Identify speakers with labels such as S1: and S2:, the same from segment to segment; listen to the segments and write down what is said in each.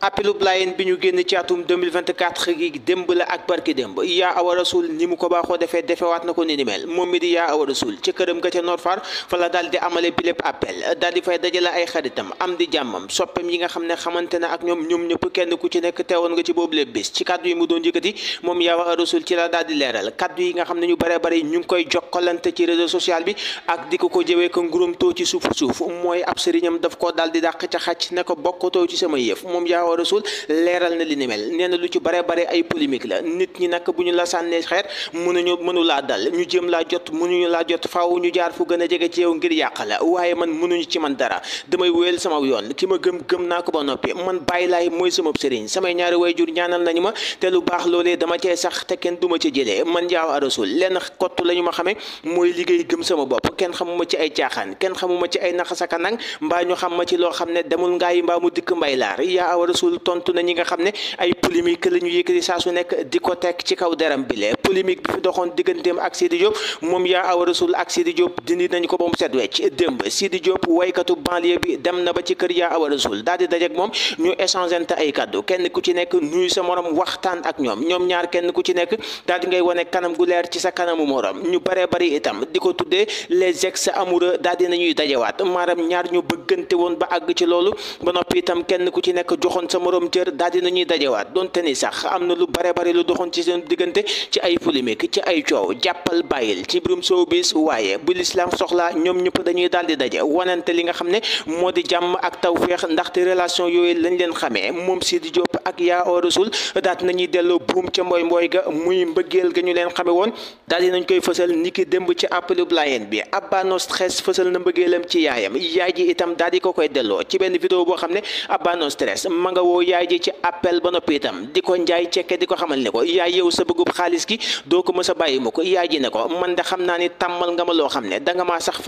S1: appelub laayeen bi ñu génn ci atum 2024 gi démb la ak barki démb yaa awa rasul ni mu ko baaxoo defee defewaat na ko ni ni mel moom mi di yaa awa rasul ci këram ga ca Nord Foire amale lépp appel daal di fay dajale ay xaritam am di jàmmam soppem yi nga xam ne xamante na ak ñoom ñoom ñëpp kenn ku ci nekk teewoon nga ci boobu lépp bis ci kaddu yi mu doon yëkkati moom yaa awa rasul ci la daal leeral kaddu yi nga xam ne ñu bare bare ñu ngi koy jokkalante ci réseau social bi ak di ko ko jëwee ko nguróom too ci suuf suufu mooy ab sëriñam daf koo daal di dàq ca xàcc ne ko bokkatoo ci sama yëf moom yaa wa rasul leeral na li ni mel nee na lu ci bare bare ay polémique la nit ñi nag bu ñu la sànnee xeer mënuñu mënu laa dal ñu jéem laa jot mënuñu laa jot faw ñu jaar fu gën a jege ci yow ngir yàq la waaye man mënuñu ci man dara damay wéyal sama yoon ki ma gëm gëm naa ko ba noppi man bàyyi laay mooy sama sëriñ samay ñaari jur ñaanal nañu ma te lu baax loolee dama cee sax te kenn duma ci jëlee man jaaw arasul lenn kott la ñu ma xamee mooy liggéey gëm sama bopp kenn xamuma ci ay caaxaan kenn xamuma ci ay naxasaka nang mbaa ñu xam ma loo xam ne demul ngaa yi Rasoul tontu na ñi nga xam ne ay polémique la yëkkati saa su nekk di ko teg ci kaw deram bi lee polémique bi fi doxoon digganteem ak Sidi Diop moom yaa awa Rasoul ak Sidi Diop dindi nañu ko ba mu set wecc démb Sidi Diop waykatu banlieue bi dem na ba ci kër yaa awa Rasoul daal di dajeek moom ñu échangeante ay kaddu kenn ku ci nekk nuyu sa morom waxtaan ak ñoom ñoom ñaar kenn ku ci nekk daal di ngay wone kanam gu leer ci sa kanamu morom ñu bare bari itam di ko tuddee les ex amoureux daal di nañuy dajewaat maanaam ñaar ñu bëggante woon ba àgg ci loolu sa moroom jër daal di daje waat donte ni sax am na lu bare bare lu doxoon ci seen diggante ci ay polémique ci ay coow jàppal bàyyil ci birum showbiz waaye bu lislaam soxlaa ñoom ñëpp dañuy daal di daje wanante li nga xam ne moo di jàmm ak tawféex ndaxte relation yooyu lañ leen xamee moom di Diop ak Yaa Awa Rassoul daat nañuy delloo buum ca mbooy mbooy ga muy mbëggeel ga ñu leen xame woon daal di nañ koy fësal niki démb ci appelub laayeen bi Abba No Stress fësal na mbëggeelam ci yaayam yaay ji itam daal di ko koy delloo ci benn vidéo boo xam ne Abba na woo yaay ji ci appel ba noppi itam di ko njaay cekke di ko xamal ne ko yaay yow sa bëggub xaalis gi doo ko mës bàyyi mu ko yaay ji ne ko man de xam naa ni tàmmal nga ma loo xam ne danga maa sax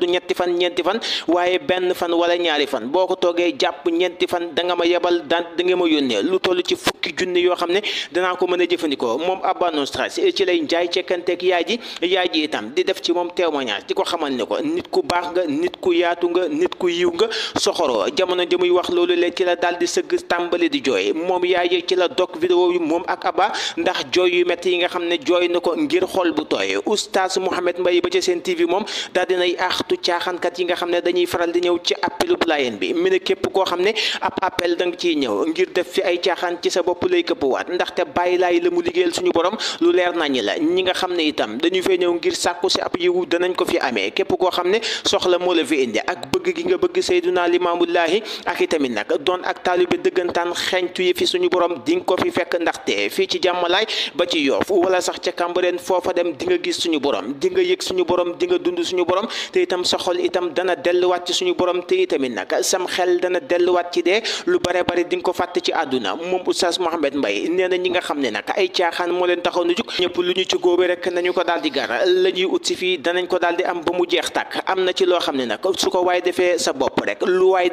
S1: du ñetti fan ñeenti fan waaye benn fan wala ñaari fan boo ko toogee jàpp ñeenti fan danga ma yebal daan da ma yónnee lu toll ci fukki junni yoo xam ne danaa ko mën a jëfandikoo moom Abba Nostra ci lay njaay cekkanteeg yaay ji yaay ji itam di def ci moom témoignage di ko xamal ne ko nit ku baax nga nit ku yaatu nga nit ku yiw nga soxoroo jamono jëmuy wax loolu lee daal di sëgg tàmbali di jooy moom yaay ci la dog vidéo yi moom ak Abba ndax jooy yu métti yi nga xam ne jooy na ko ngir xol bu tooy oustaz Mouhamed Mbaye ba ci seen TV moom daal dinay axtu caaxaankat yi nga xam ne dañuy faral di ñëw ci appelu Laayeen bi mu ne képp koo xam ne ab appel danga nga ciy ñëw ngir def fi ay caaxaan ci sa bopp lay këppwaat ndaxte te laay la mu liggéeyal suñu borom lu leer nañu la ñi nga xam ne itam dañu fee ñëw ngir sàkku si ab yiwu danañ ko fi amee képp koo xam ak taalibe dëggantaan xeeñtu yi fi suñu borom di nga ko fi fekk ndaxte fii ci jàmmalaay ba ci yoof wala sax ca Cambérène foofa dem di nga gis suñu borom di nga yëg suñu borom di nga dund suñu borom te itam sa xol itam dana delluwaat ci suñu borom te itamit nag sam xel dana delluwaat ci dee lu bare bare di nga ko fàtte ci àdduna moom oustaz Mohamed mbay nee na ñi nga xam ne nag ay caaxaan moo leen taxaw nu jug ñëpp lu ñu ci góobe rek nañu ko daal di gar la ñuy ut si fii danañ ko daal di am ba mu jeex tàkk am na ci loo xam ne nag su ko waay defee sa bopp rek lu waay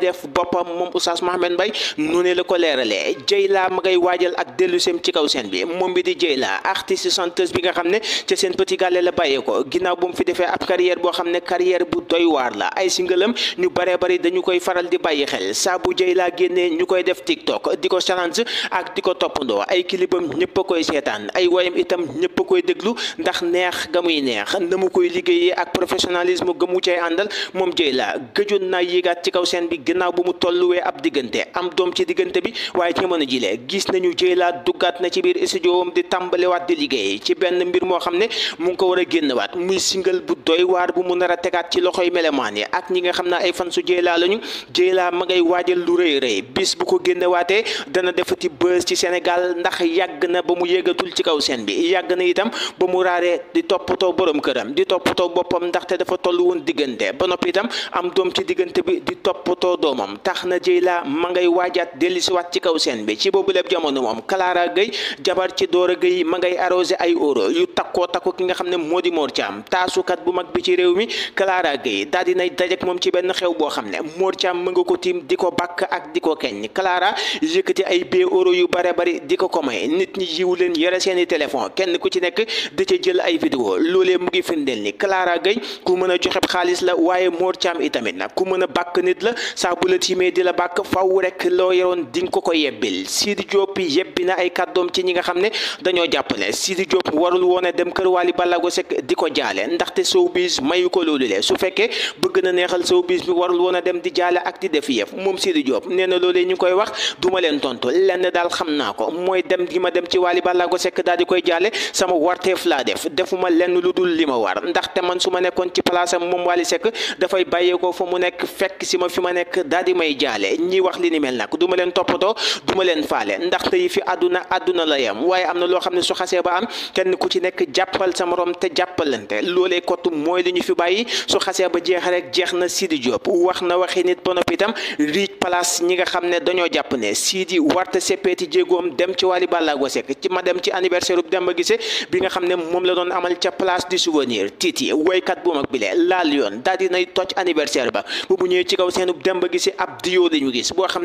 S1: mbay ne la ko leeralee Dieyla ma ngay waajal ak delluseem ci kaw seen bi moom bi di Dieyla artiste chanteuse bi nga xam ne ca seen petit la bàyyee ko ginnaaw bu mu fi defee ab carrière boo xam ne carrière bu doy waar la ay singalam ñu baree bari dañu koy faral di bàyyi xel saa bu Dieyla génnee ñu koy def TikTok di ko challenge ak di ko toppandoo ay kilibam ñëpp a koy seetaan ay woyam itam ñëpp a koy déglu ndax neex ga muy neex na mu koy liggéeyee ak professionnalisme ga mu cay àndal moom Dieyla gëjoon naa yéegaat ci kaw seen bi ginnaaw bu mu tolluwee ab diggante am doom ci diggante bi waaye ci jamono ji lee gis nañu jëlaat duggaat na ci biir studio di tàmbaliwaat di liggéey ci benn mbir moo xam ne mu ngi ko war a génnewaat muy single bu doy waar bu mu nar a tegaat ci loxoy melemaan yi ak ñi nga xam ne ay fan su jëlaa lañu jëlaa ma ngay waajal lu rëy rëy bis bu ko génnewaatee dana defati buzz ci Sénégal ndax yàgg na ba mu yégatul ci kaw seen bi yàgg na itam ba mu raaree di toppatoo borom këram di toppatoo boppam ndaxte dafa toll woon diggante ba noppi am doom ci diggante bi di toppatoo doomam ngay waajaat dellusiwaat ci kaw seen bi ci boobu lépp jamono moom Clara Gueye jabar ci Doro Gueye ma ngay arrosé ay euro yu takkoo takko ki nga xam ne moo di Mor Thiam taasukat bu mag bi ci réew mi Clara Gueye daal dinay dajek moom ci benn xew boo xam ne Mor Thiam mu nga ko tiim di ko bàkk ak di ko keñ Clara yëkkati ay bee euro yu bare bari di ko ko may nit ñi yiw leen yore seeni téléphone kenn ku ci nekk di jël ay vidéo loole mu ngi firndeel ni Clara gay ku mën a xaalis la waaye Mor Thiam itamit nag mën a bàkk nit la nekk loo yoroon di nga ko ko yebbil Sidi Diop yebbi na ay kàddoom ci ñi nga xam ne dañoo jàppale Sidi Diop warul woon a dem kër Wally Ballago Seck di ko jaale ndaxte showbiz mayu ko loolu le su fekkee bëgg na neexal showbiz bi warul woon a dem di jaale ak di def yëf moom Sidi Diop nee na loolee ñu koy wax duma leen tontu lenn daal xam naa ko mooy dem gi ma dem ci Wally Ballago Seck daal di koy jaale sama warteef laa def defuma lenn lu dul li ma war ndaxte man su ma nekkoon ci place am moom Wally Seck dafay bàyyeekoo fa mu nekk fekk si ma mel nag du ma leen toppatoo du ma leen faale ndaxte yi fi àdduna àdduna la yem waaye am na loo xam ne su xasee ba am kenn ku ci nekk jàppal sa morom te jàppalante loolee kott mooy li ñu fi bàyyi su xasee ba jeex rek jeex na Sidi Diop wax na waxi nit ba noppi itam riij place ñi nga xam ne dañoo jàpp ne Sidi warte seppeeti jéegoom dem ci Wally Ballago Seck ci ma dem ci anniversaire bu Demba Guissé bi nga xam ne moom la doon amal ca place du souvenir Titi woykat bu mag bi lee laal yoon daal dinay toj ba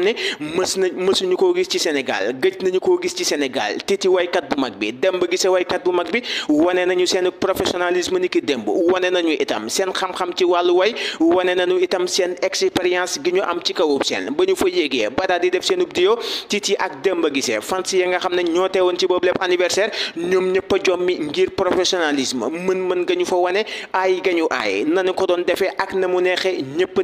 S1: ne mës na mësuñu koo gis ci Sénégal gëj nañu koo gis ci Sénégal titi waykat bu mag bi Demba Guissé waykat bu mag bi wane nañu seen professionnalisme ni ki démb wane nañu itam seen xam-xam ci wàllu way wane nañu itam seen expérience gi ñu am ci kawub seen ba ñu fa yéegee ba daal di def seen duo titi ak Demba Guissé fans ya nga xam ne ñoo teewoon ci boobu lépp anniversaire ñoom ñëpp jommi ngir professionnalisme mën-mën nga ñu fa wane aay ga ñu aay nañu ko doon defee ak na mu neexee ñëpp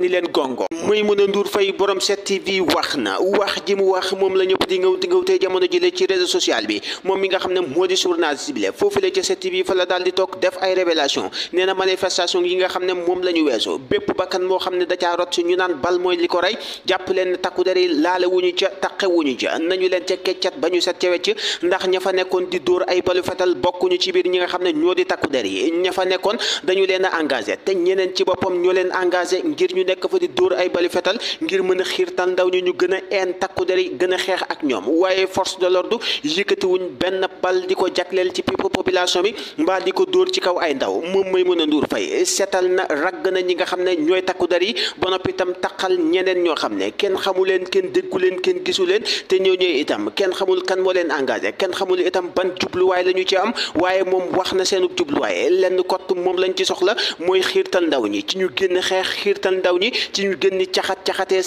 S1: tax na wax ji mu wax moom la ñëpp di ngawti ngawtee jamono jile ci réseau social bi moom mi nga xam ne moo di journaliste bi la foofu la ca 7TV fa la daal toog def ay révélation nee manifestation yi nga xam ne moom la ñu weesu bépp bakkan moo xam ne da caa rot ñu naan bal mooy li ko rey jàpp leen ne takku der yi laale wuñu ca taqe wuñu ca nañu leen ca keccat ba ñu set ca wecc ndax ña fa nekkoon di dóor ay balu fetal bokkuñu ci biir ñi nga xam ne ñoo di takku der yi ñ fa nekkoon dañu leen a engagé te ci boppam ñoo leen engagé ngir ñu nekk fa di dóor ay balu fetal ngir mën a gën a een takku der yi gën a xeex ak ñoom waaye force de l'ordre yëkkatiwuñ benn bal di ko jagleel ci population bi mbaa di ko dóor ci kaw ay ndaw moom Maïmouna Ndour Faye seetal na ragg na ñi nga xam ne ñooy takku der yi ba noppi itam taqal ñeneen ñoo xam ne kenn xamu leen kenn déggu leen kenn gisu leen te ñëw ñëwee itam kenn xamul kan moo leen engagé kenn xamul itam ban jubluwaay la ñu ci am waaye moom wax na seenub jubluwaay lenn kott moom lañ ci soxla mooy xiirtal ndaw ñi ci ñu génn xeex xiirtal ndaw ñi ci ñu génn caxat caxatee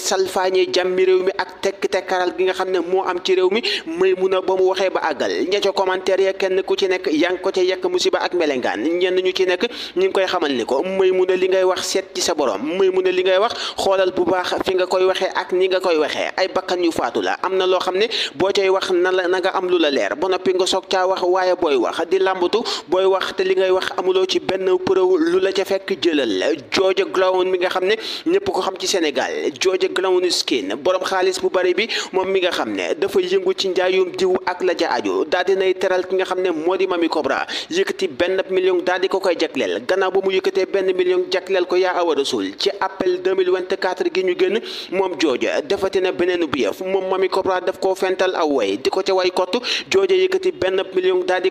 S1: réew mi ak tekk tekkaral gi nga xam ne moo am ci réew mi a ba mu waxee ba àggal ña ca commentaire yee kenn ku ci nekk yaa ngi ko ca yekk musiba ak melengaan ñenn ñu ci nekk ñu ngi koy xamal ni ko Maymuna li ngay wax seet ci sa borom Maymuna li ngay wax xoolal bu baax fi nga koy waxee ak ni nga koy waxee ay bakkan yu faatu la am na loo xam ne boo cay wax na la na nga am lu la leer ba noppi nga soog caa wax waaye booy wax di làmbatu booy wax te li ngay wax amuloo ci benn preuve lu la ca fekk jëlal George Clooney mi nga xam ne ñëpp ko xam ci Sénégal George xaalis bu bari bi moom mi nga xam ne dafa yëngu ci njaayum diw ak la ja aju daal dinay teral ki nga xam ne moo di Mamy Cobra yëkkati benn million daal di ko koy jagleel gannaaw ba mu yëkkatee benn million jagleel ko yaa awa rasul ci appel 2024 gi ñu génn moom jooja defati na di ko ca way kott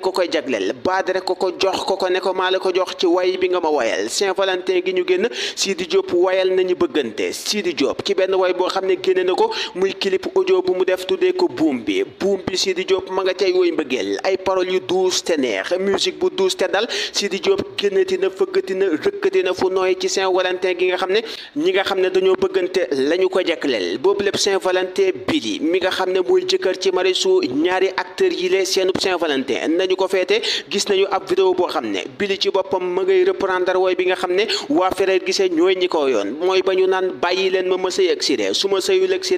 S1: ko koy jagleel baad ko ko jox ko ko ne ko maa ko jox ci way bi nga ma wayal Saint Valentin gi ñu génn Sidi Diop wayal nañu bëggante Sidi Diop ci benn way boo xam ne génne na ko ko muy clip audio bu mu def tuddee ko buum bi buum bi Sidi Diop ma nga cay woy mbëggeel ay paroles yu douce te neex musique bu douce te dal Sidi Diop génnati na fëggati na rëkkati na fu nooy ci Saint-Valentin gi nga xam ne ñi nga xam ne dañoo bëggante la ñu ko jagleel boobu lépp Saint-Valentin bili mi nga xam ne mooy jëkkër ci Marichou ñaari acteurs yi lee seenub Saint-Valentin nañu ko feete gis nañu ab vidéo boo xam ne bili ci boppam ma ngay reprendre wooy bi nga xam ne waa Ferrer gisee ñooy ñi ko yoon mooy ba ñu naan bàyyi leen ma ma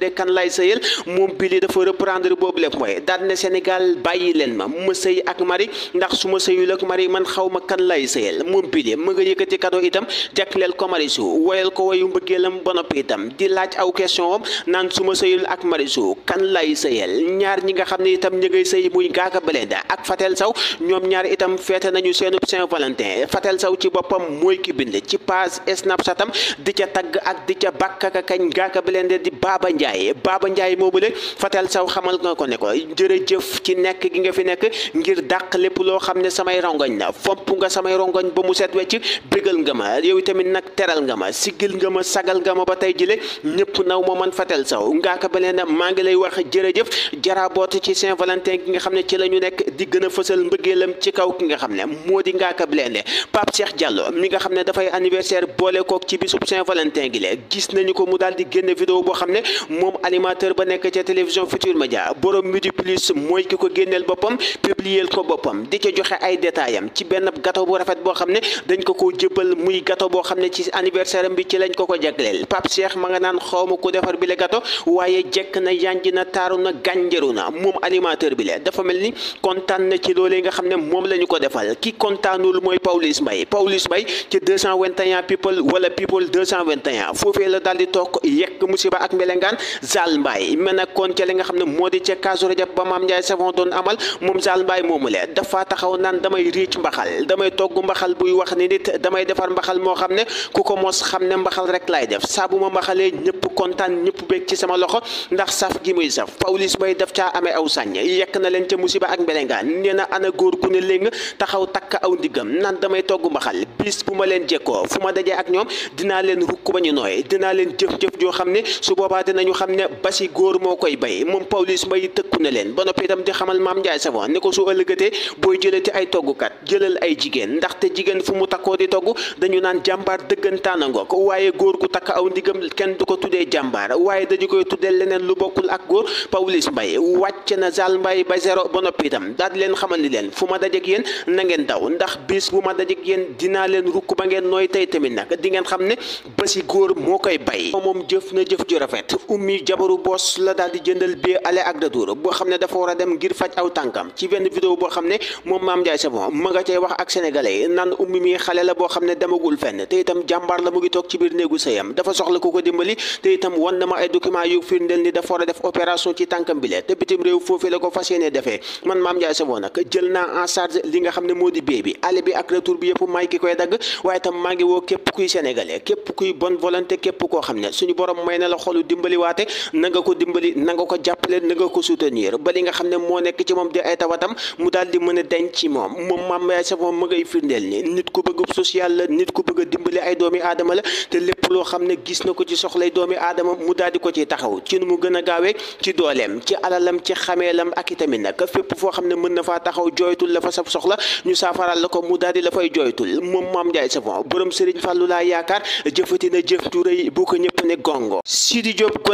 S1: choisir kan lay sëyal moom Billy dafa reprendre boobu le mooy daal ne Sénégal bàyyi leen ma ma sëy ak mari ndax su ma sëyul ak Marie man xaw ma kan lay sëyal moom Billy mu nga yëkkati cadeau itam jagleel ko Marichou woyal ko wayu mbëggeelam ba noppi itam di laaj aw question am naan su ma sëyul ak Marichou kan lay sëyal ñaar ñi nga xam ne itam ñi ngay sëy muy Ngaaka Blindé ak Fatel saw ñoom ñaar itam feete nañu seenu Saint-Valentin Fatel saw ci boppam mooy ki bind ci page Snapchat am di ca tagg ak di ca bàkk ak kañ Ngaaka Blindé di Ndiaye Baba Ndiaye moomu le Fatel Saw xamal nga ko ne ko jërëjëf ci nekk gi nga fi nekk ngir dàq lépp loo xam ne samay rongoñ na fomp nga samay rongoñ ba mu set wecc bégal nga ma yow tamit nag teral nga ma siggil nga ma sagal nga ma ba tey jile ñëpp naw ma man Fatel Saw nga balee na maa ngi lay wax jërëjëf jaraaboot ci Saint-Valentin gi nga xam ne ci la ñu nekk di gën a fësal mbëggeelam ci kaw ki nga xam ne moo di ngaaka blende Pape Cheikh Diallo mi nga xam ne dafay anniversaire boole kook ci bisub Saint-Valentin gi ko mu daal di génn vidéo boo xam moom animateur ba nekk ca télévision Futur Média borom Midi Plus mooy ki ko génneel boppam publier ko boppam di ca joxe ay détaillam ci benn gato bu rafet boo xam ne dañ ko ko jëbal muy gato boo xam ne ci anniversaire am bi ci lañ ko ko jagleel Pape Cheikh ma nga naan xawma ku defar bi la gato waaye jekk na yanj na taaru na gànjaru na moom animateur bi la dafa mel ni kontaan na ci loolee nga xam ne moom la ñu ko defal ki kontaanul mooy Pawlish Mbaye Pawlish Mbaye ci 221 people wala people 221 foofee la daal di toog yekk musiba ak melengaan Zal Mbaye ma nekkoon ca li nga xam ne moo di ca Kazu mbaxal damay togg mbaxal buy wax mbaxal moo xam ne ku ko mos xam ne mbaxal rek laay def saa bu ma mbaxalee ñëpp kontaan ñëpp bég ci sama loxo ndax saf gi muy saf Pawlish Mbaye daf caa amee aw sàññ yekk na leen ca musiba ak mbelengaan nee na ana góor ku ne léegi taxaw takk aw ndiggam naan damay togg mbaxal bis bu ma leen jekkoo fu ma dajee ak ñoom dinaa leen rukk ba ñu nooy dinaa leen jëf-jëf joo xam ne su boobaa dinañu ñu xam ne basi góor moo koy bay moom Pawlish Mbaye tëkku ne leen ba noppi itam di xamal Mame Ndiaye Savon ne ko su ëllëgatee booy jëlati ay toggukat jëlal ay jigéen ndaxte jigéen fu mu takkoo di togg dañu naan jàmbaar dëggantaan a ngoog waaye góor ku takk aw ndigam kenn du ko tuddee jàmbaar waaye dañu koy tuddee leneen lu bokkul ak góor Pawlish Mbaye wàcc na Zal mbay ba zéro ba noppi itam daal leen xamal ni leen fu ma dajeek yéen nangeen ngeen daw ndax bis bu ma dajeek yéen dinaa leen rukk ba ngeen nooy tey tamit nag di ngeen xam ne basi góor moo koy bay moom jëf na rafet moom mi jabaru boos la daal jëndal bee aller ak retour boo xam ne dafa war a dem ngir faj aw tànkam ci benn vidéo boo xam ne moom Mame Ndiaye Savon ma nga cay ne demagul fenn te itam jàmbaar la mu ngi toog ci biir néegu sëyam dafa soxla ku ko dimbali na ma ay a en charge li nga xam ne moo di bee bi aller bi ak retour bi yëpp may ki koy dagg waaye itam maa ngi kuy sénégalais képp kuy bonne volonté képp koo xam ne suñu borom may na la xolu dimbali waa waate ko dimbali na nga ko jàppale na nga ko xam ne moo nekk ci moom di ay tawatam mu daal di mën a denc ci moom moom maam yaay sa moom ma ni nit ku bëgg social la nit ku bëgg a dimbali ay doomi aadama la te lépp loo xam ne gis na ko ci soxlay doomi aadama mu daal di ko ci taxaw ci nu mu gën a gaawee ci dooleem ci alalam ci xameelam ak itamit nag fépp foo xam ne mën na faa taxaw jooytul la fa sab soxla ñu saafaral la ko mu daal di la fay jooytul moom maam Ndiaye Savon borom Serigne Fallou laa yaakaar jëfati na jëf ju rëy bu ko ñëpp ne gongo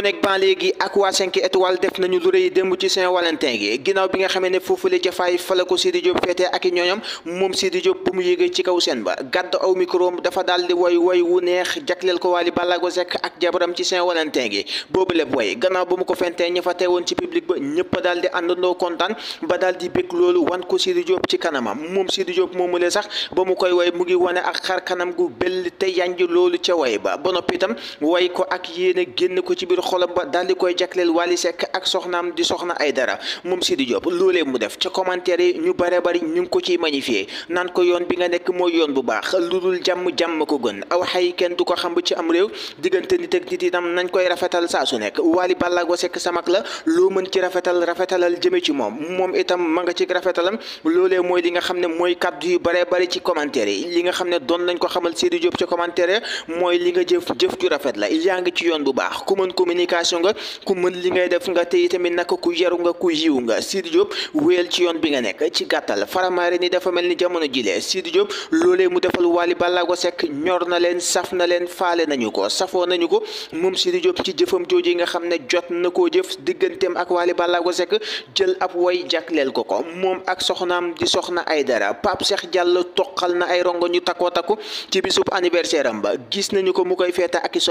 S1: nekk banlieue gi ak waa 5 étoiles def nañu lu rëy démb ci Saint-Valentin gi ginnaaw bi nga xamee ne foofu ca faay fala ko Sidi Diop feetee ak i ñooñam moom Sidi Diop bu mu yéegee ci kaw seen ba gàdd aw micro dafa daal di woy woy wu neex jagleel ko Wally Ballago Seck ak jabaram ci Saint-Valentin gi boobu lépp woy gannaaw ba mu ko fentee ña fa teewoon ci public ba ñëpp daal di àndandoo kontaan ba daal di bég loolu wan ko Sidi Diop ci kanamam moom Sidi Diop moomulee sax ba mu koy woy mu ngi wane ak xar kanam gu bell te yanj loolu ca woy ba ba noppi itam ko ak yéene génn ko ci biir xolam ba daal di koy jagleel Wally Seck ak soxnaam di soxna Aydara moom Sidi Diop loolee mu def ca commentaire ñu bare bari ñu ngi ko ko yoon bi nga nekk mooy yoon bu baax lu dul jàmm jàmm ko gën aw xay kenn du ko xam ci am réew diggante nit ak nit itam nañ koy rafetal saa su nekk Wally Ballago Seck samak la loo mën ci rafetal rafetalal jëme ci moom moom itam ma nga ci rafetalam loolee mooy li nga xam ne mooy kàddu yu bare bari ci commentaire yi li nga xam ne doon nañ ko xamal Sidi Diop ci commentaire mooy li nga jëf jëf ju rafet la yaa ngi ci yoon bu baax ku mën communiquer communication nga ku mën li ngay def nga te itamit nag ku yaru nga ku yiw nga Sidy Diop wéyal ci yoon bi nga nekk ci gàttal faramaare ni dafa mel ni jamono jilee Sidy Diop loolee mu defal Wally Ballago sekk ñor na leen saf na leen faale nañu ko safoo nañu ko moom Sidy Diop ci jëfam jooju nga xam ne jot na koo jëf digganteem ak Wally Ballago Seck jël ab way jagleel ko ko moom ak soxnaam di soxna ay dara Pape seex Diallo toqal na ay rongo ñu takkoo takku ci bisub am ba gis nañu ko mu koy feeta ak i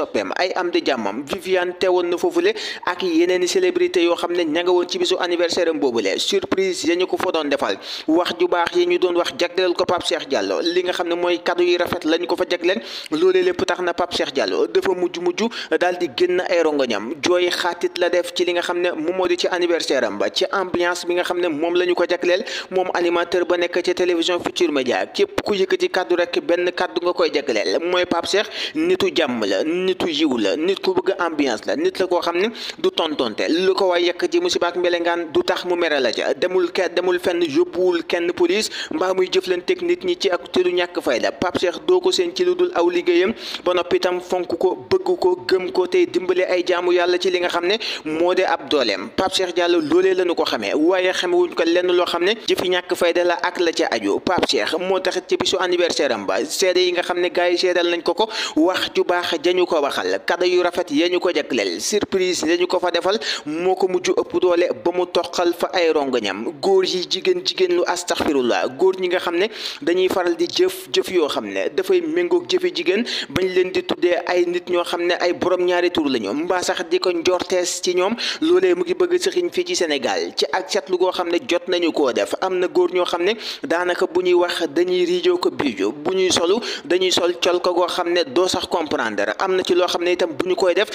S1: woon na foofule ak yeneen i célébrité yoo xam ne ña nga woon ci bisu anniversaire am boobule surprise ya ko fa doon defal wax ju baax yi ñu doon wax jagleel ko Pape Cheikh Diallo li nga xam ne mooy kàddu yi rafet lañ ko fa jagleen loolee lépp tax na Pape Cheikh Diallo dafa mujj mujj daal di génn ay rongoñam jooy xaatit la def ci li nga xam ne moom moo di ci anniversaire ba ci ambiance bi nga xam ne moom la ñu ko jagleel moom animateur ba nekk ci télévision Futur Média képp ku yëkkati kàddu rek benn kàddu nga koy jagleel mooy Pape Cheikh nitu jàmm la nitu yiw la nit ku bëgg ambiance nit la koo xam ne du tontonte lu ko waay yekk ci musiba ak mbelengaan du tax mu mere la ca demul ke demul fenn yóbbuwul kenn police mbaa muy jëflanteeg nit ñi ci ak te du ñàkk fayda Pape Cheikh doo ko seen ci lu dul aw liggéeyam ba noppi itam fonk ko bëgg ko gëm ko tey dimbale ay jaamu yàlla ci li nga xam ne moo de ab dooleem Pape Cheikh Diallo loolee lañu ko xamee waaye xamewuñ ko lenn loo xam ne jëfi ñàkk fayda la ak la ca aju Pape Cheikh moo taxit ci bisu anniversaire am ba yi nga xam ne gars yi seedal nañ ko ko wax ju baax jañu ko waxal kada yu rafet yañu ko jagleel surprise dañu ko fa defal moo ko mujj ëpp doole ba mu toqal fa ay rongoñam góor yi jigéen jigéen lu astaxfirullah góor ñi nga xam ne dañuy faral di jëf jëf yoo xam ne dafay méngoog jëfe jigéen bañ leen di tuddee ay nit ñoo xam ne ay borom ñaari tur la ñoom mbaa sax di ko njortees ci ñoom loolee mu ngi bëgg sëxiñ fii ci senegal ci ak seetlu goo xam ne jot nañu koo def am na góor ñoo xam ne daanaka bu ñuy wax dañuy riijoo ko biijo bu ñuy solu dañuy sol col ko xam ne doo sax comprendre am na ci loo xam ne itam bu ñu koy def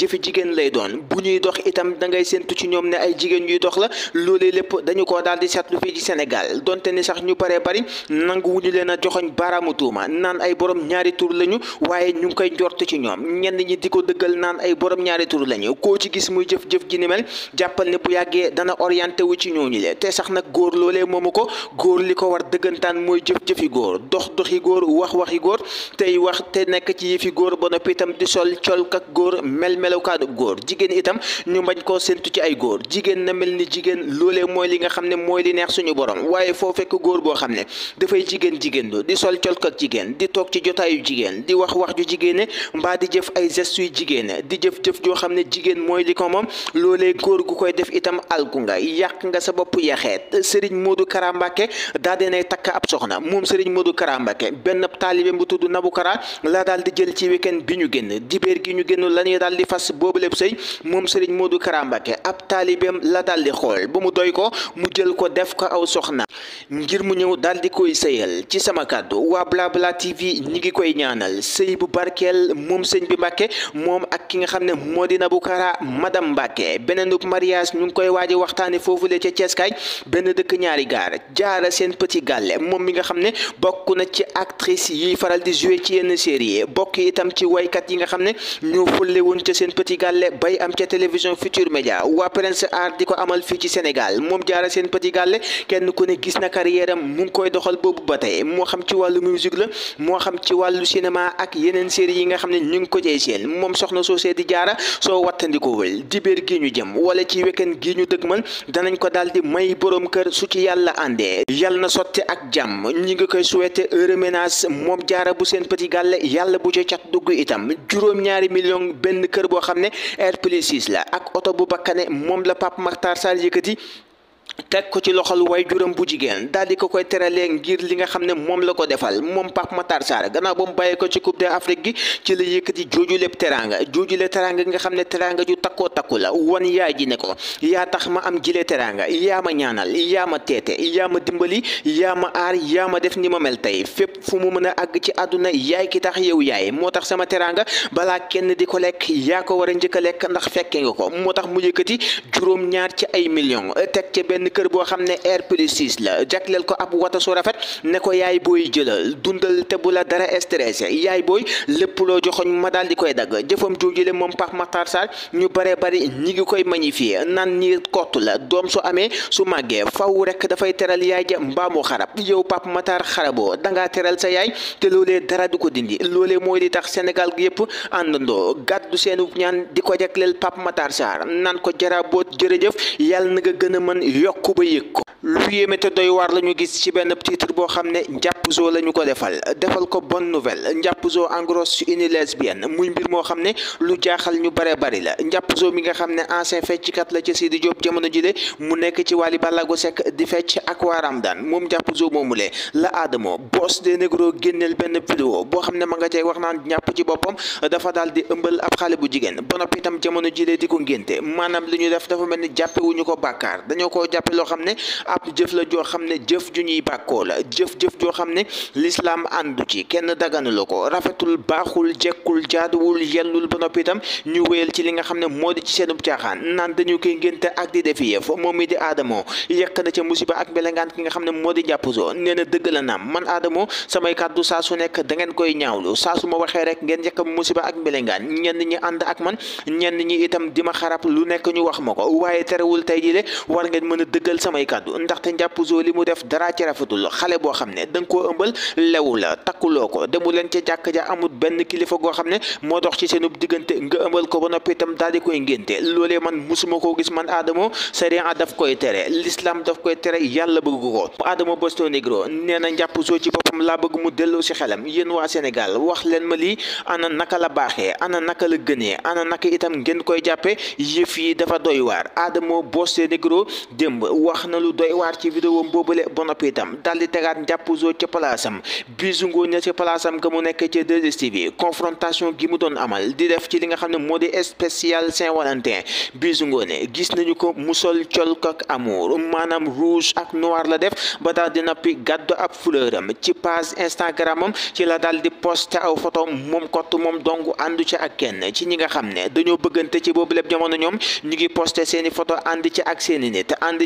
S1: jëfi jigéen lay doon bu ñuy dox itam da ngay séentu ci ñoom ne ay jigéen ñuy dox la loolee lépp dañu ko daal di seetlu fii ci Sénégal donte ni sax ñu bare bari nanguwuñu leen a joxoñ baaraamu tuuma naan ay borom ñaari tur lañu waaye ñu ngi koy njort ci ñoom ñenn ñi di ko dëggal naan ay borom ñaari tur lañu koo ci gis muy jëf-jëf ji ni mel jàppal ne bu yàggee dana orienté wu ci ñooñu le te sax nag góor loolee moomu ko góor li ko war dëggantaan moo jëf-jëfi góor dox doxi góor wax waxi góor tey wax te nekk ci yëfi góor ba noppi itam di sol col kak góor melokaanu góor jigéen itam ñu bañ koo séntu ci ay góor jigéen na mel ni jigéen loolee mooy li nga xam ne mooy li neex suñu borom waaye foo fekk góor boo xam ne dafay jigéen jigéen di sol colk jigéen di toog ci jotaayu jigéen di wax wax ju jigéene mbaa di jëf ay gestes yu jigéene di jëf jëf joo xam ne jigéen mooy li ko moom loolee góor gu koy def itam alku nga yàq nga sa bopp yaxeet sëriñ Modou Kara Mbacké daa takk ab soxna moom sëriñ Modou Kara benn taalibe bu tudd Nabou Kara la daal di jël ci week bi ñu génn dibéer gi ñu génn lañuy daal di fas tas boobu lépp sëy moom sëriñ Modou Kara Mbacké ab taalibeem la daal di xool ba mu doy ko mu jël ko def ko aw soxna ngir mu ñëw daal di koy sëyal ci sama kàddu waa Blabla TV ñi ngi koy ñaanal sëy bu barkeel moom sëñ bi Mbacké moom ak ki nga xam ne moo di bu Kara madame Mbacké beneen mariage ñu ngi koy waaji waxtaane foofu le ca Ceeskaay benn dëkk ñaari gaar jaara seen petit gàlle moom mi nga xam ne bokk na ci actrice yiy faral di jouer ci yenn série bokk seen petit gàlle bay am ca télévision Futur Média waa Prince Art di ko amal fii ci Sénégal moom jaara seen petit kenn ku ne gis na carrière am mu ngi koy doxal boobu ba tey moo xam ci wàllu musique la moo xam ci wàllu cinéma ak yeneen série yi nga xam ne ñu ngi ko jey seen moom soxna soo see di jaara soo wattandikoowul dibéer gi ñu jëm wala ci weekend gi ñu dëgmal danañ ko daal di may boroom kër su ci yàlla àndee yàlla na sotti ak jàmm ñu ngi koy souhaité heureux moom jaara bu seen petit yàlla bu ca dugg itam juróom ñaari million benn kër boo xam ne R plus 6 la ak oto bu bakkane moom la Pape Makhtar Sall yëkkati teg ko ci loxol way juróom bu jigéen daal ko koy teralee ngir li nga xam ne moom la ko defal moom Pape Matar Sarr gannaaw ba mu bàyyi ko ci coupe d'Afrique gi ci la yëkkati jooju lépp teraanga jooju le teraanga gi nga xam ne teraanga ju takkoo takku la wan yaay ji ne ko yaa tax ma am jile teraanga yaa ma ñaanal yaa ma teete yaa ma dimbali yaa ma aar yaa ma def ni ma mel tey fépp fu mu mën a àgg ci àdduna yaay ki tax yow yaay moo tax sama teraanga balaa kenn di ko lekk yaa ko war a lekk ndax fekke ko moo tax kër boo xam ne air plus 6 la jagleel ko ab wata su rafet ne ko yaay booy jëlal dundal te bu la dara stressé yaay booy lépp loo joxoñ ma daal di koy dagg jëfam joojule moom Pape Matar Sarr ñu bare bari ñi ngi koy magnifier naan ñi kott la doom su amee su màggee faw rek dafay teral yaay ja mbaamu xarab yow Pape Matar xaraboo dangaa teral sa yaay te loolee dara du ko dindi loolee mooy li tax senegal gi yëpp àndandoo gàddu seenu ñaan di ko jagleel Pape Matar Sarr nan ko jara jërëjëf yàlla na gën a mën yokk ku ba lu yéeme te doy waar la ñu gis ci benn titre boo xam ne njàpp zoo la ñu ko defal defal ko bonne nouvelle njàpp zoo en gros sur une lesbienne muy mbir moo xam ne lu jaaxal ñu bare bari la njàpp zoo mi nga xam ne ancien fecckat la ca Sidi Diop jamono jile mu nekk ci Wally Ballago Seck di fecc ak waa Ramdan moom njàpp zoo moomulee la Adamo boss des négro génneel benn vidéo boo xam ne ma nga cay wax naan njàpp ci boppam dafa daal di ëmbal ab xale bu jigéen ba noppi itam jamono jile di ko ngénte maanaam li ñu def dafa mel ni jàppewuñu ko bàkkaar jàppe loo xam ne jëf la joo xam ne jëf ju ñuy bàkkoo la jëf-jëf joo xam ne lislaam àndu ci kenn daganu la ko rafetul baaxul jekkul jaaduwul yellul ba noppi itam ñu wéyal ci li nga xam ne moo di ci seenub caaxaan naan dañu koy ngénte ak di def moom mi di aadamoo yekk na ca musiba ak belengaan ki nga xam ne moo di jàpp soo nee na dëgg la naam man aadamoo samay kàddu saa su nekk da ngeen koy ñaawlu saa su ma waxee rek ngeen yekk musiba ak belengaan ñenn ñi ànd ak man ñenn ñi itam di ma xarab lu nekk ñu wax ma ko waaye terewul tey jii war ngeen mën dëggal samay kàddu ndaxte njàpp zoo li mu def dara ci rafetul xale boo xam ne danga nga koo ëmbal lewu la takkuloo ko demu leen ca jàkk ja amut benn kilifa goo xam ne moo dox ci seenub diggante nga ëmbal ko ba noppi itam daal di koy ngénte loole man musuma koo gis man aadamo sariya daf koy tere lislaam daf koy tere yàlla bëgg ko aadamo Boston Negro nee na njàpp zoo ci boppam laa bëgg mu delloo si xelam yéen waa Sénégal wax leen ma lii ana naka la baaxee ana naka la gënee ana naka itam ngeen koy jàppe yëf yi dafa doy waar aadamo Boston Negro démb démb wax na lu doy waar ci vidéo boobule ba noppi itam dal di tegaat njàpp zoo ci palaasam bisu ngoon na ci palaasam ga mu nekk ci 2STV bi confrontation gi mu doon amal di def ci li nga xam ne moo di spécial Saint-Valentin bisu ngoone gis nañu ko mu sol col ak amour maanaam rouge ak noir la def ba daal di noppi gàddu ab fleuram ci page Instagram ci la daal di posté aw photo moom kott moom dong àndu ci ak kenn ci ñi nga xam ne dañoo bëggante ci boobu lépp jamono ñoom ñu ngi posté seeni photo ànd ci ak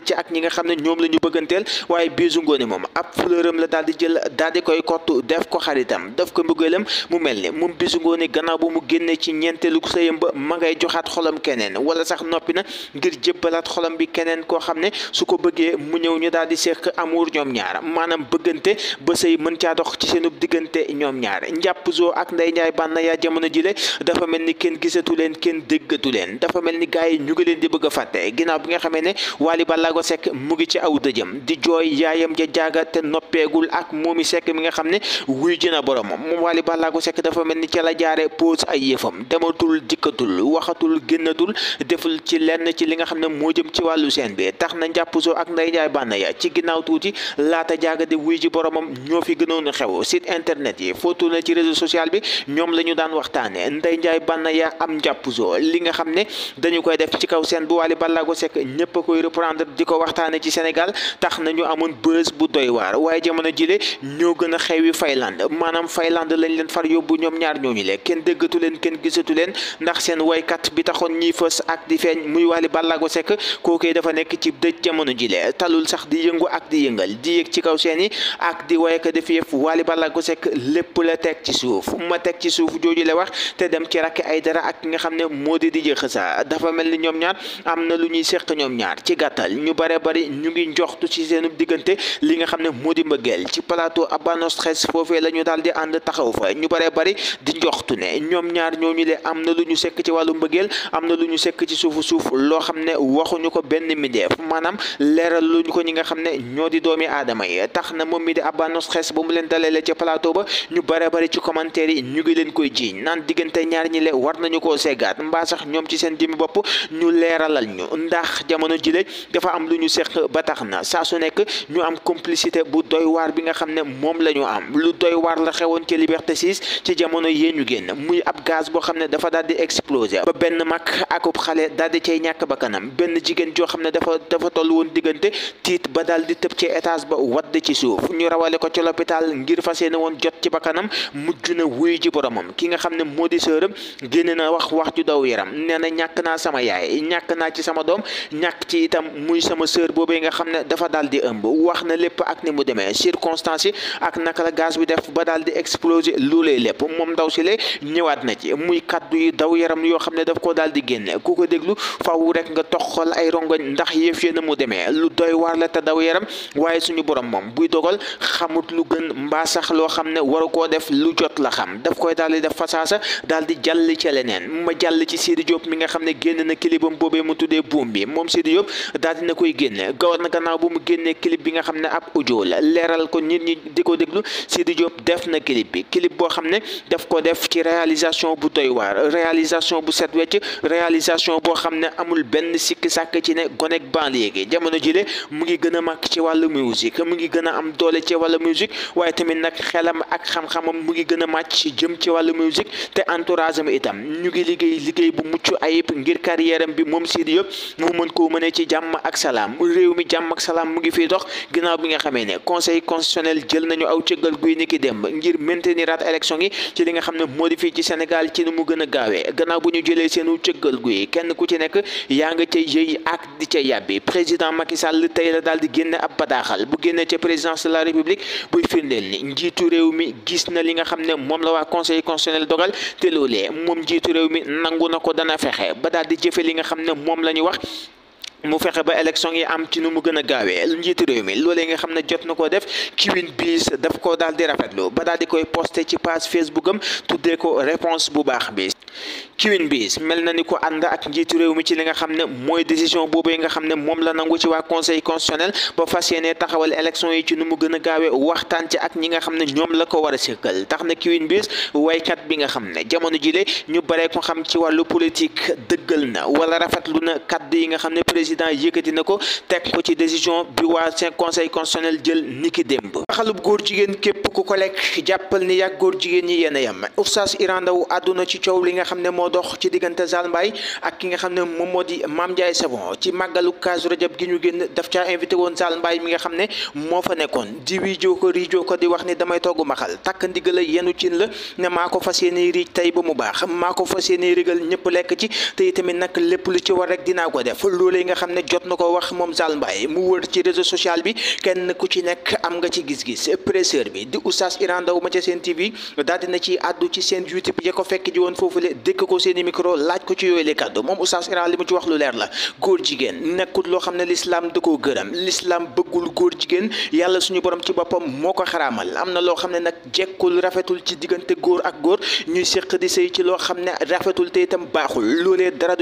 S1: ci ak ñi nga xam ne ñoom la ñu bëgganteel waaye biisu Ngoné moom ab fleuram la daal di jël daal di koy kott def ko xaritam def ko mbëggeelam mu mel ne moom Bijou ngoonee gannaaw bu mu génnee ci ñeenteelu sëyam ba ma ngay joxaat xolam keneen wala sax noppi na ngir jébbalaat xolam bi keneen koo xam ne su ko bëggee mu ñëw ñu daal di seq amour ñoom ñaar maanaam bëggante ba sëy mën caa dox ci seenub diggante ñoom ñaar njàpp zoo ak ndey njaay bànna yaa jamono jile dafa mel ni kenn gisatu leen kenn déggatu leen dafa mel ni gars yi ñu leen di bëgg a fàtte ginnaaw nga xamee Thiago Seck mu ngi ci aw dëjëm di jooy yaayam ja jaaga te noppeegul ak Momy Seck mi nga xam ne wuy jëna borom moom Wally Ballago sekk dafa mel ni ca la jaare pose ay yëfam dematul dikkatul waxatul génnatul deful ci lenn ci li nga xam ne moo jëm ci wàllu seen bi tax na njàpp soo ak nday jaay bànn ya ci ginnaaw tuuti laata jaaga di wuy ji boromam ñoo fi gënoon xew site internet yi footu na ci réseau social bi ñoom la ñu daan waxtaane nday njaay bànn ya am njàpp li nga xam ne di ko waxtaane ci Sénégal tax nañu amoon buzz bu doy waar waaye jamono jile ñoo gën a xewi Finlande maanaam Finlande lañ leen far yóbbu ñoom ñaar ñooñu leen kenn déggatu leen kenn gisatu leen ndax seen waykat bi taxoon ñiy fës ak di feeñ muy Wally Ballago Seck kookee dafa nekk ci dëj jamono jile talul sax di yëngu ak di yëngal di yëg ci kaw seen yi ak di wayka def yëf Wally Ballago Seck lépp la teg ci suuf ma teg ci suuf jooju la wax te dem ci rakk ay dara ak ki nga xam ne moo di di jëx sa dafa mel ni ñoom yu bare bari ñu ngi njoxtu ci seenu diggante li nga xam ne moo di mbëggeel ci plateau Abanos Xees foofee la ñu daal di ànd taxaw fa ñu bare bari di njoxtu ne ñoom ñaar ñooñu le am na lu ñu sekk ci wàllu mbëggeel am na lu ñu sekk ci suufu suuf loo xam ne waxuñu ko benn mideef maanaam leeral luñu ko ñi nga xam ne ñoo di doomi aadama yi tax na moom mi di Abanos Xees ba mu leen dalalee ca plateau ba ñu bare bari ci commentaire yi ñu ngi leen koy jiiñ naan diggante ñaar ñi le war nañu koo seggaat mbaa sax ñoom ci seen dimi bopp ñu leeralal ñu ndax jamono jile dafa am am lu ñu seq ba tax na saa su nekk ñu am complicité bu doy waar bi nga xam ne moom la ñu am lu doy waar la xewoon ci Liberté 6 ci jamono yee ñu génn muy ab gaz boo xam ne dafa daal di exploser ba benn mag akub xale daal di cay ñàkk ba kanam benn jigéen joo xam ne dafa dafa toll woon diggante tiit ba daal di tëb ci étage ba wadd ci suuf ñu rawale ko ci l'hôpital ngir fas yéene woon jot ci bakkanam mujj na wuy ji boromam ki nga xam ne moo di sëram génne na wax wax ju daw yaram nee na ñàkk naa sama yaay ñàkk naa ci sama doom sama sœur boobee nga xam ne dafa daal di ëmb wax na lépp ak ni mu demee circonstances yi ak naka la gaz bi def ba daal di exploser loolee lépp moom ndaw si lee ñëwaat na ci muy kaddu yi daw yaram yoo xam ne daf ko daal di génne ku ko déglu faaw rek nga toxal ay rongoñ ndax yëf yi na mu demee lu doy waar la te daw yaram waaye suñu borom moom buy dogal xamut lu gën mbaa sax loo xam ne waru koo def lu jot la xam daf koy daal di def fasaasa daal di jàll ci leneen ma jàll ci Sidi Diop mi nga xam ne génn na kilibam boobee da koy génne gawar na gannaaw bu mu génnee clip bi nga xam ne ab audio la leeral ko nit ñi di ko déglu Sidi Diop def na clip bi clip boo xam ne daf ko def ci réalisation bu doy waar réalisation bu set wecc réalisation boo xam ne amul benn sikki sàkk ci ne gonek banlieue gi jamono jile mu ngi gën a màgg ci wàllu musique mu ngi gën a am doole ci wàllu musique waaye tamit nag xelam ak xam-xamam mu ngi gën a màcc ci jëm ci wàllu musique te entourage am itam ñu ngi liggéey liggéey bu mucc ayib ngir carrière am bi moom Sidi Diop salaam réew mi jàmm ak salaam mu ngi fiy dox ginnaaw bi nga xamee ne conseil constitutionnel jël nañu aw cëggal guy ni ki dem ngir maintenir at élection yi ci li nga xam ne moo di fii ci Sénégal ci nu mu gën a gaawee gannaaw bu ñu jëlee seenu cëggal guy kenn ku ci nekk yaa nga ca yëy ak di ca yàbbi président Macky Sall tey la daal di génne ab bataaxal bu génne ca présidence la république buy firndeel ni njiitu réew mi gis na li nga xam ne moom la waa conseil constitutionnel dogal te loolee moom njiitu réew mi nangu na ko dana fexe ba daal di jëfe li nga xam ne moom la ñu wax mu fexe ba élection yi am ci nu mu gën a njiitu réew mi loolee nga xam ne jot na ko def kiwin biis daf ko daal di rafetlu ba daal di koy posté ci page Facebook am tuddee ko réponse bu baax bi kiwin biis mel na ni ko ànd ak njiitu réew mi ci li nga xam ne mooy décision boobu yi nga xam ne moom la nangu ci waa conseil constitutionnel ba fas yéene taxawal election yi ci nu mu gën a gaawee waxtaan ci ak ñi nga xam ne ñoom la ko war a sëkkal tax na kiwin biis waykat bi nga xam ne jamono jile ñu bare ko xam ci wàllu politique dëggal na président yëkkati na ko teg ko ci décision bi góor jigéen képp ku ko lekk jàppal ni yàgg góor jigéen ñi yéen a yem oustaz Iran Ndaw àdduna ci coow li nga xam ne moo dox ci diggante Zale Mbaye ak ki nga xam ne moo di Mame Ndiaye Savon ci màggalu Kazu Rajab gi ñu génn daf caa invité woon Zale Mbaye mi nga xam ne moo fa nekkoon di wi jooko riijoo ko di wax ni damay togg maxal takk ndigal la yenu cin la ne maa ko fas yéene riij tey ba mu baax maa ko fas yéene rigal ñëpp lekk ci te itamit nag xam ne jot na ko wax moom Zale Mbaye mu wër ci réseau social bi kenn ku ci nekk am nga ci gis-gis presseur bi di oustaz Iran Ndaw ma ca seen TV daal dina ci àddu ci seen YouTube ya ko fekk ji woon foofule dëkk ko seeni micro laaj ko ci yooyu le kàddu moom oustaz Iran li mu ci wax lu leer la góor jigéen nekkut loo xam ne l'islam da koo gërëm l'islam bëggul góor jigéen yàlla suñu borom ci boppam moo ko xaraamal am na loo xam ne nag jekkul rafetul ci diggante góor ak góor ñuy séq di sëy ci loo xam ne rafetul te itam baaxul loolee dara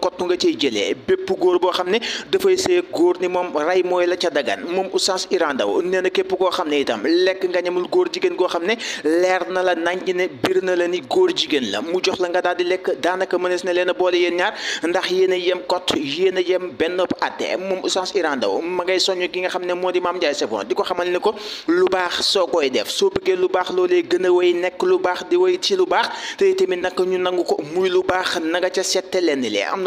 S1: kott nga cay jëlee bépp góor boo xam ne dafay see góor ni moom rey mooy la ca dagan moom oustaz Iran Ndao nee na képp koo xam ne itam lekk nga ñamul góor jigéen goo xam ne leer na la nañ ne biir na la ni góor jigéen la mu jox la nga daal di lekk daanaka mënees na leen a boole yéen ñaar ndax yéen a yem kott yéen a yem benn atte moom oustaz Iran Ndao ma ngay soññ ki nga xam ne moo di Mame Ndiaye Savon di ko xamal ne ko lu baax soo koy def soo bëggee lu baax loolee gën a way nekk lu baax di wéy ci lu baax te tamit nag ñu nangu ko muy lu baax na nga ca seet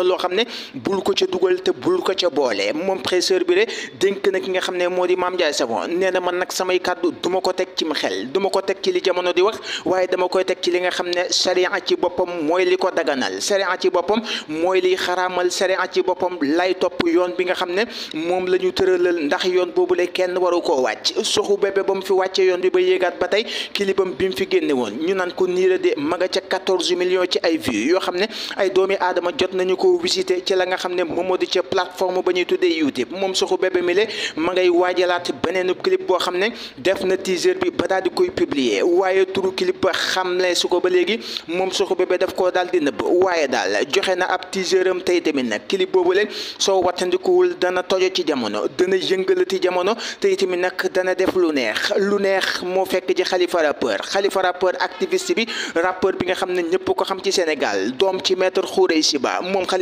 S1: na loo xam ne bul ko ca dugal te bul ko ca boole moom presseur bi re dénk na ki nga xam ne moo di Mame Ndiaye Savon nee na man nag samay kàddu du ma ko teg ci ma xel du ma ko teg ci li jamono di wax waaye dama koy teg ci li nga xam ne charia ci boppam mooy li ko daganal charia ci boppam mooy liy xaraamal charia ci boppam lay topp yoon bi nga xam ne moom la ñu tëralal ndax yoon boobule kenn waru koo wàcc soxu bébé ba mu fi wàccee yoon bi ba yéegaat ba tey kilibam bi mu fi génne woon ñu naan ko niira de maga ca 14 millions ci ay vues yoo xam ne ay doomi aadama jot nañu ko ko visité ci la nga xam ne moom moo di ca plateforme ba ñuy tuddee YouTube moom Sokhou Bébé mi le ma ngay waajalaat beneen clip boo xam ne def na teaser bi ba daal di koy publier waaye turu clip ba xamle su ko ba léegi moom Sokhou Bébé daf koo daal di nëbb waaye daal joxe na ab teaser am tey tamit nag clip boobu le soo wattandikuwul dana tojo ci jamono dana yëngalati jamono tey tamit nag dana def lu neex lu neex moo fekk ci Khalifa rappeur Khalifa rappeur activiste bi rappeur bi xam ne ñëpp xam ci Sénégal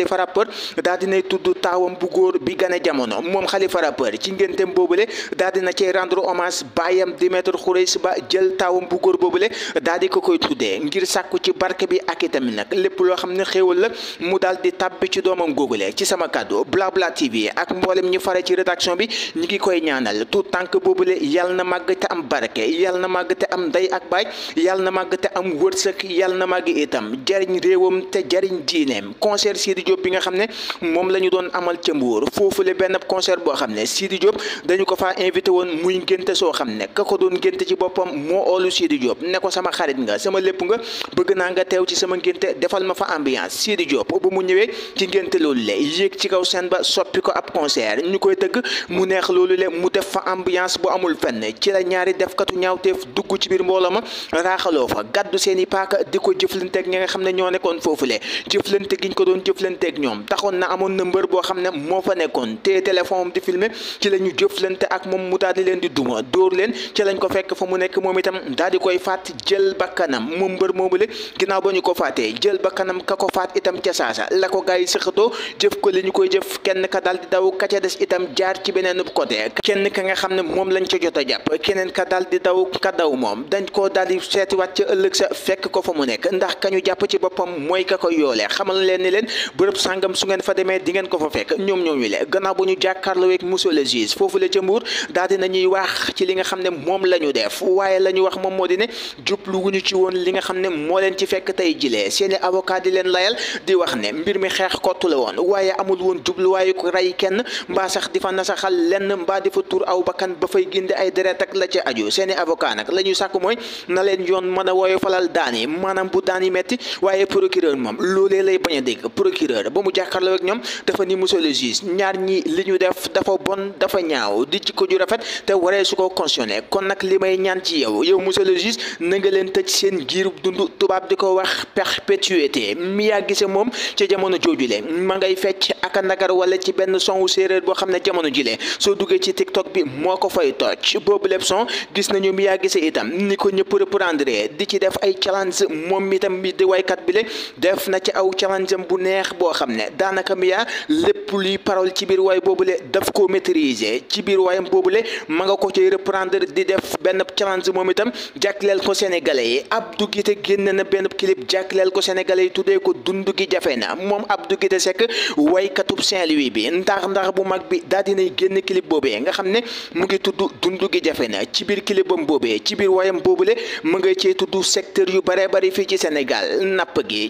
S1: Khalifa Rappeur daa nay tudd taawam bu góor bi gane jamono moom Khalifa Rappeur ci ngénteem boobule daa dina cay rendre hommage baayam di maître Khoureyssi Ba jël taawam bu góor boobule daa di ko koy tuddee ngir sàkku ci barke bi ak itamit nag lépp loo xam ne xéewal la mu daal di tàbbi ci doomam googule ci sama kàddu Blabla TV ak mboolem ñu fare ci rédaction bi ñu ngi koy ñaanal tout tànk boobule yàlla na màgg te am barke yàlla na màgg te am ndey ak baay yàlla na màgg te am wërsëg yàlla na màgg itam jariñ réewam te jariñ diineem concert Diop bi nga xam ne moom la ñu doon amal ca Mbour foofule benn concert boo xam ne Sidi Diop dañu ko fa invité woon muy ngénte soo xam ne ka ko doon ngénte ci boppam moo oolu Sidi Diop ne ko sama xarit nga sama lépp nga bëgg naa nga teew ci sama ngénte defal ma fa ambiance Sidi Diop ba mu ñëwee ci ngénte loolu le yéeg ci kaw seen ba soppi ko ab concert ñu koy tëgg mu neex loolu le mu def fa ambiance bu amul fenn ci la ñaari defkatu ñaaw ñaawteef dugg ci biir mbooloo ma raaxaloo seeni paaka di ko jëflanteeg ñi nga xam ne ñoo nekkoon foofule jëflante jëflanteeg ñoom taxoon na amoon na mbër boo xam ne moo fa nekkoon téye téléphone am di filmer ci la ñu jëflante ak moom mu daal di leen di duma dóor leen ci lañ ko fekk fa mu nekk moom itam daal di koy faat jël bakkanam moom mbër moomu la ginnaaw ba ñu ko faatee jël bakkanam ka ko faat itam ca saasa la ko gars yi sëxatoo jëf ko li ñu koy jëf kenn ka daal di daw ka ca des itam jaar ci beneen côté kenn ka nga xam ne moom lañ ca jot a jàpp keneen ka daal di daw ka daw moom dañ koo daal di seetiwaat ca ëllëg sa fekk ko fa mu nekk ndax kañu jàpp ci boppam mooy ka koy yoolee xamal leen ni leen sangam su ngeen fa demee di ngeen ko fa fekk ñoom ñooñu le gannaaw bu ñu jàkkaarloo ak monsieur foofu la ca Mbuur daal di nañuy wax ci li nga xam ne moom la ñu def waaye la ñu wax moom moo di ne jubluwuñu ci woon li nga xam ne moo leen ci fekk tey jilee seeni avocat di leen layal di wax ne mbir mi xeex kottu la woon waaye amul woon jubluwaayu ko rey kenn mbaa sax di fa nasaxal lenn mbaa di fa tuur aw bakkan ba fay gindi ay deret ak la ca aju seeni avocat nag la ñuy sàkk mooy na leen yoon mën a woyofalal daan yi maanaam bu daan yi metti waaye procureur moom loolee lay bañ a dégg procureur ba mu jàkkaarloo ak ñoom dafa ni monsieur le ñaar ñi li ñu def dafa bon dafa ñaaw di ci ko ju rafet te waree su ko cautionné kon nag li may ñaan ci yow yow monsieur le juge na nga leen tëj seen giirub dund tubaab di ko wax perpétuité mi yaa gise moom ci jamono joojule ma ngay fecc aka nagar wala ci benn sonwu séeréer boo xam ne jamono jile soo duggee ci tiktok bi moo ko fay toj boobu lépp son gis nañu mi yaa gise itam ni ko ñëpp reprendre di ci def ay moom itam di waykat bi le def boo xam ne daanaka Mia lépp luy parole ci biir waay boobule daf ko maîtriser ci biir waayam boobule ma nga ko cay reprendre di def benn challenge moom itam jàkkleel ko sénégalais yi Abdou Guité génn na benn clip jàkkleel ko sénégalais yi tuddee ko dund gi jafe na moom Abdou Guité Seck waykatub Saint-Louis bi ndax ndax bu mag bi daal nay génn clip boobee nga xam ne mu ngi tudd dund gi jafe na ci biir clipam boobee ci biir waayam boobule mu nga cee tudd secteur yu bare bari fii ci sénéga napp gi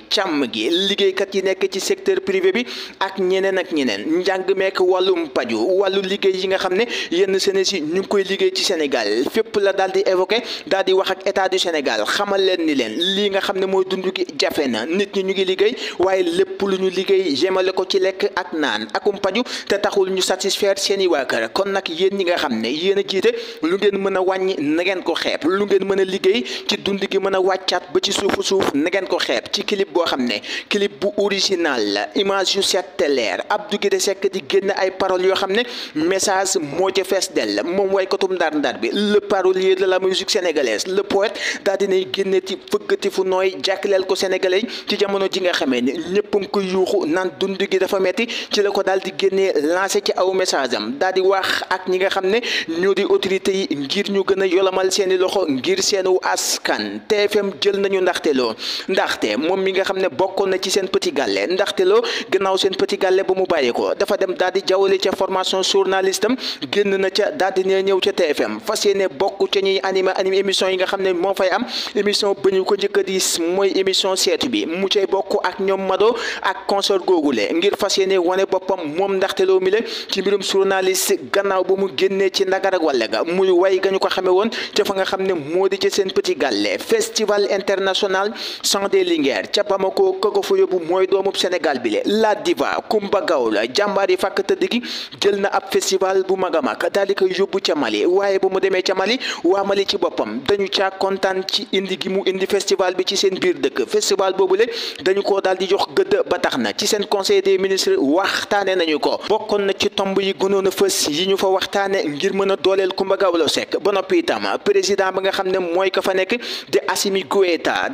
S1: secteur privé bi ak ñeneen ak ñeneen njàng meek wàllum paju wàllu liggéey yi nga xam ne yenn senes ñu ngi koy liggéey ci Sénégal fépp la daal di évoqué daal di wax ak état du Sénégal xamal leen ni leen lii nga xam ne mooy dund gi jafe na nit ñi ñu ngi liggéey waaye lépp lu ñu liggéey yemale ko ci lekk ak naan akum paju te taxul ñu satisfaire seeni i kon nag yéen ñi nga xam ne yéen a jiite lu ngeen mën a wàññi na ngeen ko xeeb lu ngeen mën a liggéey ci dund gi mën a wàccaat ba ci suufu suuf na ngeen ko xeeb ci clip boo xam ne clip bu original la image yu set te leer Abdou Guédé Seck di génn ay paroles yoo xam ne message moo ca fees dell moom waykatum ndar ndar bi le parolier de la musique sénégalaise le poète daal nay génne ci fëggati fu nooy jàkkaleel ko sénégalais ci jamono ji nga xamee ni ñëpp a ngi ko yuuxu naan dund gi dafa metti ci la ko daal di génnee lancé ci aw message am daal di wax ak ñi nga xam ne ñoo di autorité yi ngir ñu gën a yolamal seeni loxo ngir seenu askan TFM jël nañu ndaxte loo ndaxte moom mi nga xam ne bokkoon na ci seen petit gàlle Bartelo gannaaw seen petit ba mu bàyyi ko dafa dem daal di jawwali ca formation journaliste génn na ca daal di ñëw ca TFM fas ne bokk ca ñuy animé animé émission yi nga xam ne moo fay am émission ba ñu ko njëkk a diis mooy émission seetu bi mu cay bokk ak ñoom Mado ak concert googule ngir fas yéene wane boppam moom Bartelo mi la ci mbirum journaliste gannaaw ba mu génnee ci ndagar ak wàlle ga muy way ga ñu ko xamee woon ca fa nga xam ne moo di ca seen petit gàlle festival international Chant des Linguères ca Bamako ko ko fa yóbbu mooy doomub Sénégal mondial bi la diva Kumba Gawlo yi fàkk tëdd gi jël na ab festival bu mag a mag daal di koy yóbbu ca Mali waaye ba mu demee ca Mali waa Mali ci boppam dañu ca kontaan ci indi gi mu indi festival bi ci seen biir dëkk festival boobu le dañu ko daal di jox gëdd ba tax na ci seen conseil des ministres waxtaane nañu ko bokkoon na ci tomb yi gënoon a fës yi ñu fa waxtaane ngir mën a dooleel Kumba Gawlo Seck ba noppi itam président ba nga xam ne mooy ko fa nekk di Assimi Goïta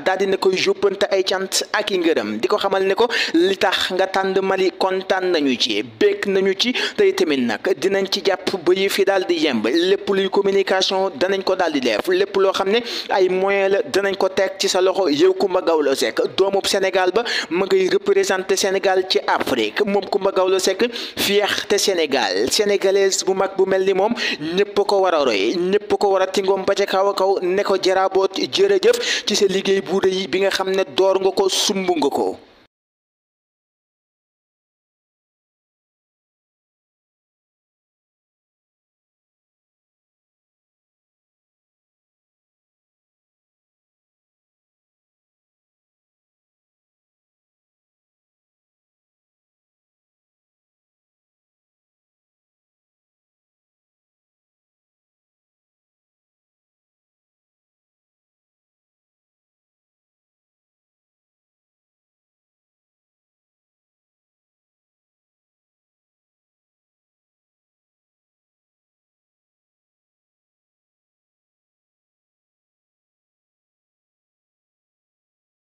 S1: i ngërëm di ko xamal ne ko ndax nga tànn Mali kontaan nañu ci bég nañu ci tey tamit nag dinañ ci jàpp ba yi fi daal di yemb lépp luy communication danañ ko daal di def lépp loo xam ne ay moyen la danañ ko teg ci sa loxo yow Coumba Gawlo Seck doomub Sénégal ba ma ngay représenté Sénégal ci Afrique moom Coumba Gawlo Seck te Sénégal sénégalaise bu mag bu mel ni moom ñëpp ko war a roy ñëpp ko war a tingoom ba ca kaw a kaw ne ko jaraaboot jërëjëf ci sa liggéey bu rëy bi nga xam ne door nga ko sumb nga ko